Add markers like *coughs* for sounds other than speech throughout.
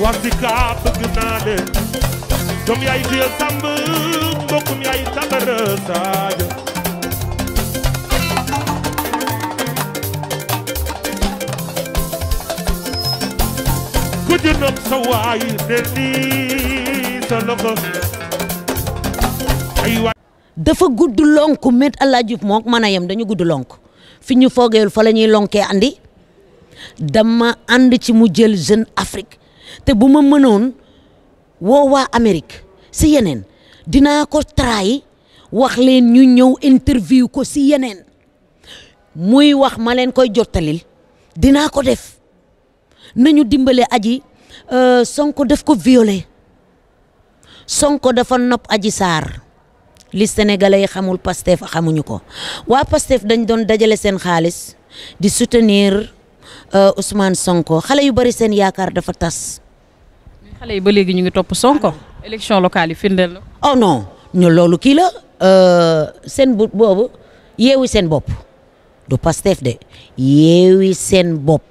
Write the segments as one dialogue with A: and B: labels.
A: warti kaa bëgg naa leen doom yaay diya samb mbokkum yaay sabara saaja ku sa waay del nii sa loxo ay dafa gudd lonk met allah jub mook mën a yem dañu gudd lonku fi ñu foogeewul fa la ñuy lonkee andi dama ànd ci mu jël Jeune Afrique te bu ma mënoon woo waa Amérique si yeneen dinaa ko traay wax leen ñu ñëw interview ko si yeneen muy wax ma leen koy jottalil dinaa ko def nañu dimbale aji euh, Sonko def ko viole Sonko dafa nopp aji saar li senegale yi xamul Pastef xamuñu ko waa Pastef dañ doon dajale seen xaalis di sutenir euh, Ousmane Sonko xale yu bari seen yaakaar dafa tas xale yi ba léegi ñu ngi topp Sonko. élection locale yi firndeel la. oh ñu loolu kii la euh, seen boobu yeewi seen bopp du Pastef de yeewi seen bopp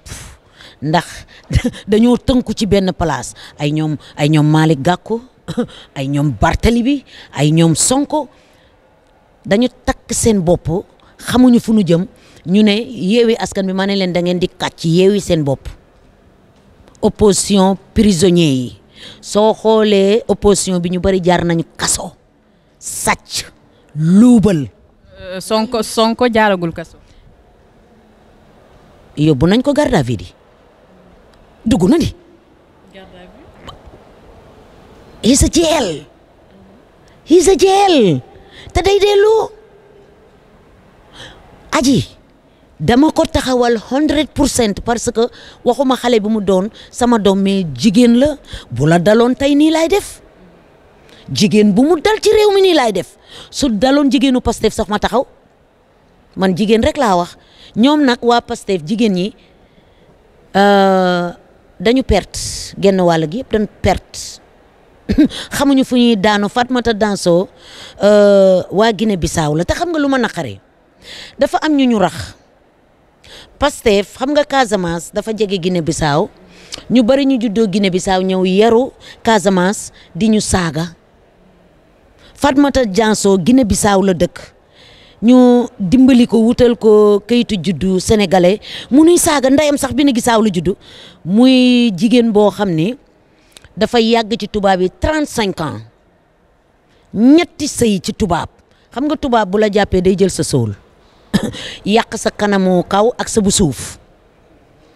A: ndax *laughs* dañoo tënku ci benn place ay ñoom ay ñoom Malick Gakou *laughs* ay ñoom bi ay ñoom Sonko dañu takk seen bopp xamuñu fu ñu jëm ñu ne yeewi askan bi maa ne leen da ngeen di kàcc yeewi seen bopp. opposition prisonniers yi soo xoolee opposition bi ñu bëri jaar nañu kaso sàcc luubal. Euh, Sonko Sonko jaaragul kaso. yóbbu nañ ko garde à di dugg na di. garde à vue. is a jail. is dama ko taxawal 100 pour cent parce que waxuma xale bu mu doon sama doom mais jigéen la bu la daloon tey nii laay def jigéen bu mu dal ci réew mi nii laay def su daloon jigéenu Pastef sax ma taxaw man jigéen rek laa wax ñoom nag waa Pastef jigéen ñi euh, dañu perte genn wàll gi yëpp dañu perte *coughs* xamuñu fu ñuy daanu Fatmata Danso euh, waa Guinée Bissau la te xam nga lu ma naqaree dafa am ñu ñu rax. Pastef xam nga Casamance dafa jege Guinée Bissau ñu bari ñu juddoo Guinée Bissau ñëw yaru Casamance di ñu saaga Fatmata Dianso Guinée Bissau la dëkk ñu dimbali ko wutal ko kayitu juddu sénégalais mu nuy saaga ndeyam sax bi ne Bissau la juddu muy jigéen boo xam ni dafa yàgg ci tubaab yi trente cinq ans ñetti sëy ci tubaab xam nga tubaab bu la jàppee day jël sa sóol *coughs* yàq sa kanamu kaw ak sa bu suuf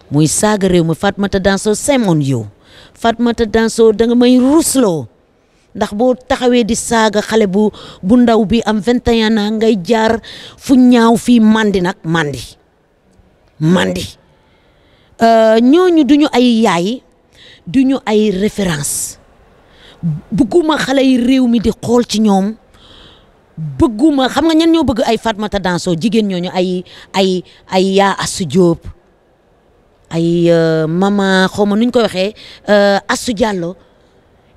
A: muy saaga réew mi Fatoumata Danso semoon yow Fatoumata Danso da nga may rusloo ndax boo taxawee di saaga xale bu bu ndaw bi am 21 ans ngay jaar fu ñaaw fii mandi nag mandi mandi euh, ñooñu duñu ay yaay duñu ay référence bugguma xale yi réew mi di xool ci ñoom bëgguma xam nga ñan ñoo bëgg ay Fatmata Danso jigéen ñooñu ay ay ay yaa Assu Diop ay euh, mama xaw ma nuñ koy waxee euh, Assu Diallo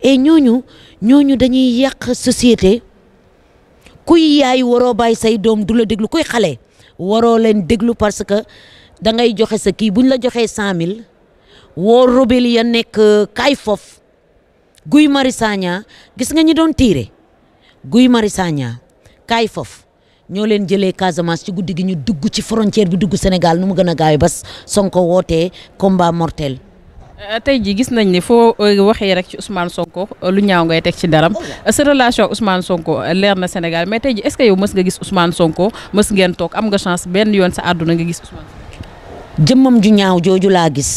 A: et ñooñu ñooñu dañuy yàq société kuy yaay waroo bay say doom du la déglu kuy xale waroo leen déglu parce que da ngay joxe sa kii buñ la joxee cent mille woo robel ya nekk euh, kaay fof Guy Marius Sagna gis nga ñi doon tiire Guy Marius Sagna kaay foofu ñoo leen jëlee Casamance ci guddi gi ñu dugg ci frontière bi dugg Sénégal nu ma gën a gaawee bas Sonko wootee combat mortel. Euh, tey jii gis nañ ne foo euh, waxee rek ci Ousmane Sonko euh, lu ñaaw ngay teg ci daram sa relation Ousmane Sonko leer na Sénégal mais tey jii est-ce que yow nga gis Ousmane Sonko mës ngeen toog am nga chance benn yoon sa àdduna nga gis Ousmane Sonko. jëmmam ju ñaaw jooju laa gis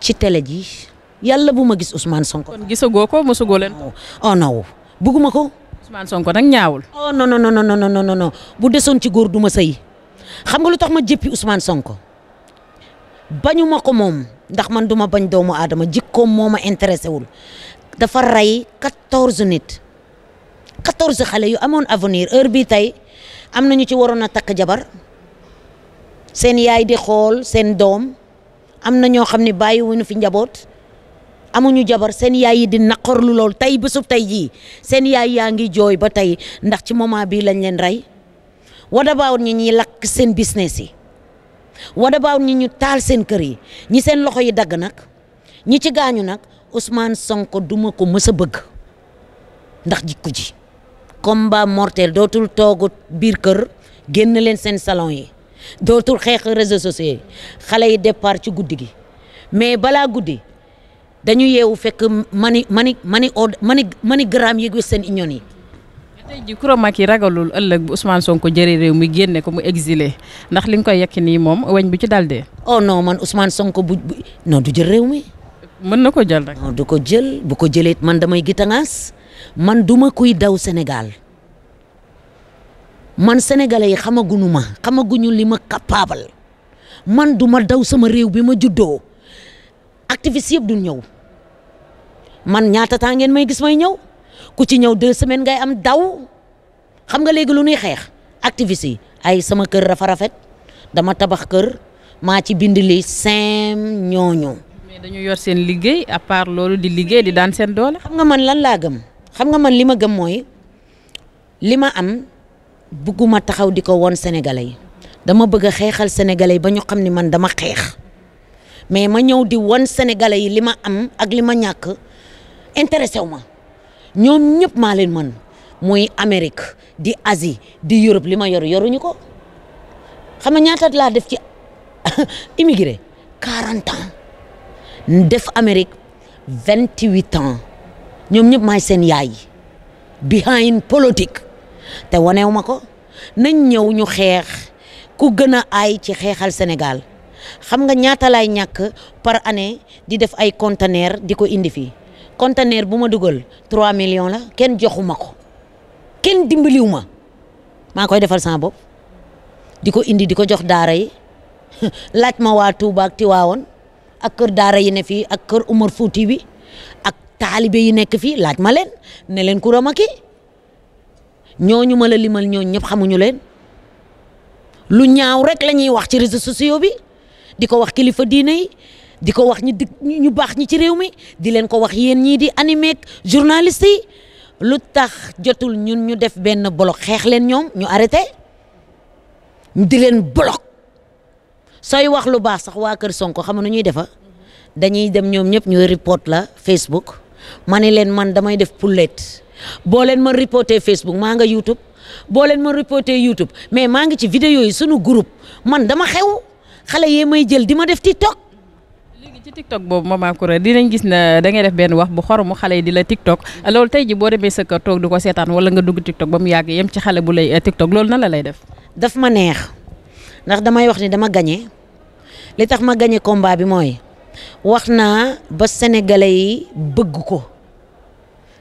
A: ci télé ji yàlla bu ma gis Ousmane Sonko. kon gisagoo ko mosagoo leen. oh, oh non bugguma ko. Ousmane Sonko nag ñaawul. oh non non non non non bu desoon ci góor du ma sëy xam nga lu tax ma jëppi Ousmane Sonko bañu ma ko moom ndax man duma bañ doomu aadama jikkoom moo ma intéressé wul dafa rey quatorze nit quatorze xale yu amoon avenir heure bii tey am na ñu ci waroon a takk jabar seen yaay di xool seen doom am na ñoo xam ne bàyyiwuñu fi njaboot. amuñu jabar seen yaay yi di naqarlu lool tey bésub tey jii seen yaay yaa ngi jooy ba tey ndax ci moment bii lañ leen rey what about ñi lakk seen business yi what about ñi ñu taal seen kër yi ñi seen loxo yi dagg nag ñi ci gaañu nag Ousmane Sonko duma ko mës a bëgg ndax jikko ji combat mortel dootul toogu biir kër génn leen seen salon yi dootul xeex réseaux sociaux yi xale yi départ ci guddi gi mais balaa guddi dañu yeewu fekk mani mani mani mani manigramme yeeg Western Union yi. tey jii Kouromack yi ragalul ëllëg bu Ousmane Sonko jëre réew mi génne ko mu exilé ndax li nga koy yekk nii moom weñ bu ci dal dee. oh non man Ousmane Sonko bu non du jël réew mi. mën na ko jël rek. non du ko jël bu ko jëlee man damay gitangaas man duma kuy daw Sénégal man sénégalais yi xamaguñu ma xamaguñu li ma capable man duma daw sama réew bi ma juddoo activiste yëpp du ñëw. man ñaata temps ngeen may gis may ñëw ku ci ñëw de semaines ngay am daw xam nga léegi lu ñuy xeex activiste yi ay sama kër rafa rafet dama tabax kër maa ci bind li cinq ñooñu. mais dañu yor seen liggéey à part loolu di liggéey di daan seen doole. xam nga man lan laa gëm xam nga man li ma gëm mooy li ma am bugguma taxaw di ko woon sénégalais yi dama bëgg a xeexal sénégalais yi ba ñu xam ni man dama xeex mais ma ñëw di woon sénégalais yi li ma am ak li ma ñàkk. intéressé wu ma ñoom ñëpp maa leen mën muy Amérique di Asie di Europe li ma yor yoruñu ko xam nga ñaata laa def ci *laughs* immigré 40 ans def Amérique 28 ans ñoom ñëpp maay seen yaay behind politique te waneewu ma ko nañ ñëw ñu xeex ku gën a aay ci xeexal Sénégal xam nga ñaata laay ñàkk par anné di def ay conteneur di ko indi fii. conteneur bu ma dugal 3 millions la kenn joxuma ko kenn dimbaliwu ma maa koy defal sama bopp di ko indi di ko jox daara yi *laughs* laaj ma waa Touba ak Tiwaawoon ak kër daara yi ne fii ak kër Umar Fuuti bi ak taalibe yi nekk fii laaj ma leen ne leen Coura Macky ñooñu ma la limal ñooñu ñëpp xamuñu leen lu ñaaw rek lañuy wax ci réseau sociaux bi di ko wax kilifa diine yi di ko wax ñu di ñu baax ñi ci réew mi di leen ko wax yéen ñii di animé ak journaliste yi lu tax jotul ñun ñu def benn bloc xeex leen ñoom ñu arrêté di leen bloc sooy wax lu baax sax waa Kër Sonko xam nu ñuy defa dañuy dem ñoom ñëpp ñooy report la Facebook ma ne leen man damay def poulet boo leen ma reporté Facebook maa nga YouTube boo leen ma reporté YouTube mais maa ngi ci vidéo yi sunu group man dama xew xale yee may jël di ma def TikTok ci TikTok boobu maman Coura dinañ gis na dangay def benn wax bu xoromu xale yi di la TikTok loolu tey ji boo demee sa kër toog di ko seetaan wala nga dugg TikTok ba mu yàgg yem ci xale bu lay eh, TikTok loolu na la lay def. daf ma neex ndax damay wax ni dama gagné li tax ma gagné combat bi mooy wax naa ba sénégalais yi bëgg ko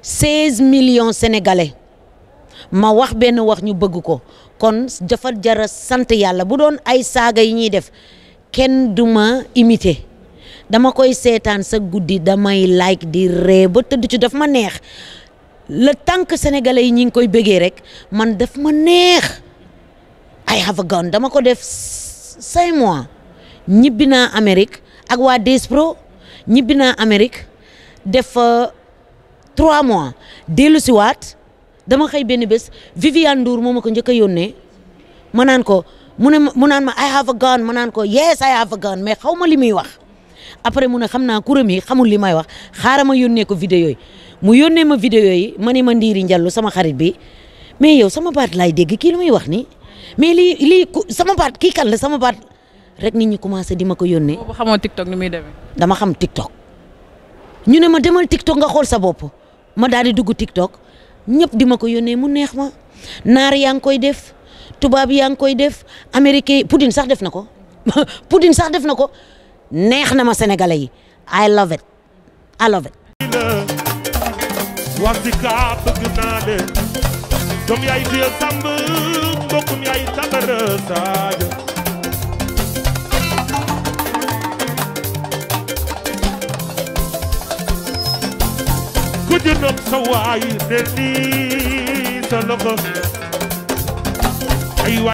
A: 16 million sénégalais ma wax benn wax ñu bëgg ko kon dafa jara sant yàlla bu doon ay saaga yi ñuy def kenn du ma imité. dama koy seetaan sa guddi damay like di ree ba tëdd ci daf ma neex le tant que sénégalais yi ñi ngi koy bëggee rek man daf ma neex I have a gun dama ko def cinq mois ñibbi naa Amérique ak waa Despro ñibbi naa Amérique def trois mois dellu si waat dama xëy benn bés Viviane Ndour moo ma ko njëkk a yónnee ma naan ko mu ne mu naan ma I have a gun ma naan ko yes I have a gun mais xaw ma li muy wax après mu ne xam naa kuréem yi xamul li may wax xaaral ma yónnee ko vidéo yi mu yónnee ma vidéo yi ma ne ma Ndiiri Ndiallo sama xarit bi mais yow sama baat laay dégg kii lu muy wax nii mais lii lii sama baat kii kan la sama baat rek ni ñi commencé di ma ko yónnee. boobu xamoo TikTok ni muy demee. dama xam TikTok ñu ne ma demal TikTok nga xool sa bopp ma daal di dugg TikTok ñëpp di ma ko yónnee mu neex ma naar yaa ngi koy def tubaab yaa ngi koy def américain Poutine sax def na ko *laughs* Poutine sax def na ko neex na ma sénégalais I love it I love it. Wadika bëgg naa de doom yaay téye sàmb mbokkum yaay tabara saaja ku jëndoon sa waay de lii sa loxo